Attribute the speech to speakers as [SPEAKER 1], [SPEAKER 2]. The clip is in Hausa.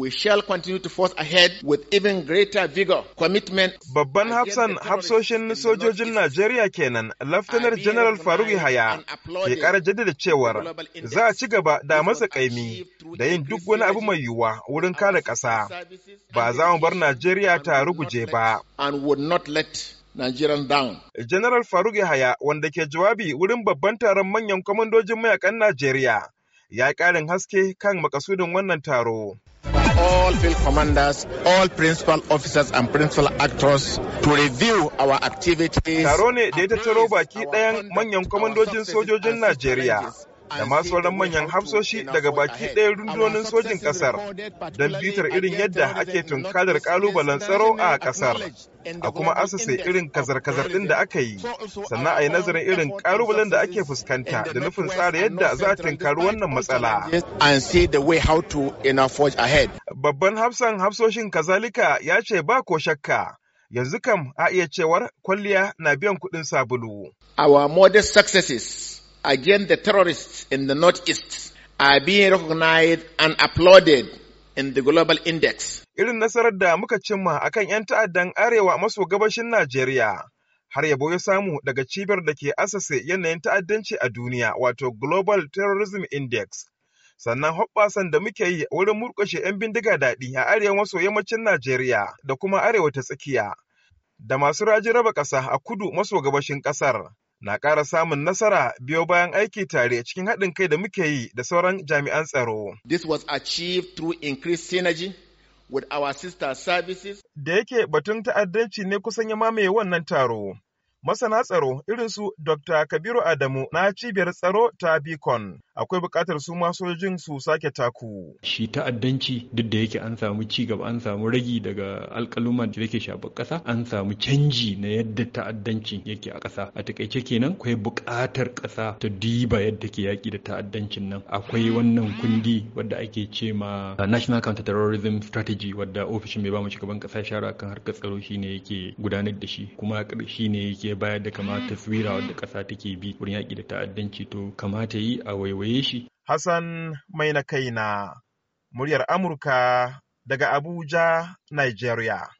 [SPEAKER 1] we shall continue to force ahead with even greater vigor, commitment. Babban hafsan hafsoshin sojojin Najeriya kenan, Laftanar General Faruk Yahaya ke kara jaddada cewar za a ci gaba da masa kaimi da yin duk wani abu mai yiwuwa wurin kare ƙasa. Ba za mu bar Najeriya ta ruguje ba. And would not let Nigerian down. General Faruk Yahaya wanda ke jawabi wurin babban taron manyan kwamandojin mayakan Najeriya ya ƙarin haske kan makasudin wannan taro. all field commanders, all principal officers and principal actors to review our activities. Taro ne da ya taro baki ɗayan manyan kwamandojin sojojin Najeriya. da ma sauran manyan hafsoshi daga baki ɗaya rundunonin sojin ƙasar don bitar irin yadda ake tunkarar ƙalubalen tsaro a ƙasar a kuma asase irin kazar-kazar ɗin da aka yi sannan a yi nazarin irin ƙalubalen da ake fuskanta da nufin tsara yadda za a tunkari wannan matsala and see the way how to forge ahead Babban hafsan hafsoshin kazalika ya ce ba ko shakka. Yanzu kam a iya cewar kwalliya na biyan kuɗin sabulu. Our modest successes against the terrorists in the North northeast are being recognized and applauded in the global index. Irin nasarar da muka cimma akan 'yan ta'addan arewa maso gabashin Najeriya har yabo ya samu daga cibiyar da ke asase yanayin ta'addanci a duniya wato Global Terrorism Index sannan hoɓɓasan da muke yi wurin murƙushe 'yan bindiga daɗi a arewa maso yammacin Najeriya da kuma arewa ta tsakiya, da masu rajin raba ƙasa a kudu maso gabashin ƙasar. Na ƙara samun nasara biyo bayan aiki tare cikin haɗin kai da muke yi da sauran jami'an tsaro. This was achieved through increased synergy with our sister services. Da yake batun ta'addanci ne kusan ya mamaye wannan taro. masana tsaro irin su Dr. Kabiru Adamu na cibiyar tsaro ta Bikon, Akwai bukatar su ma sojojin su sake taku.
[SPEAKER 2] Shi ta'addanci duk da yake an samu ci gaba an samu ragi daga alkaluma da yake shafar ƙasa an samu canji na yadda ta'addanci yake a ƙasa. A takaice kenan akwai buƙatar ƙasa ta diba yadda ke yaƙi da ta'addancin nan. Akwai wannan kundi wadda ake ce ma National Counter-Terrorism Strategy wadda ofishin mai ba mu shugaban ƙasa shara kan harkar tsaro shine yake gudanar da shi kuma shine yake ya bayar da kamar taswira wadda ƙasa take bi wurin yaƙi da ta'addanci to kamata yi a waiwaye shi.
[SPEAKER 1] Hassan mai na kaina muryar Amurka daga Abuja, Nigeria.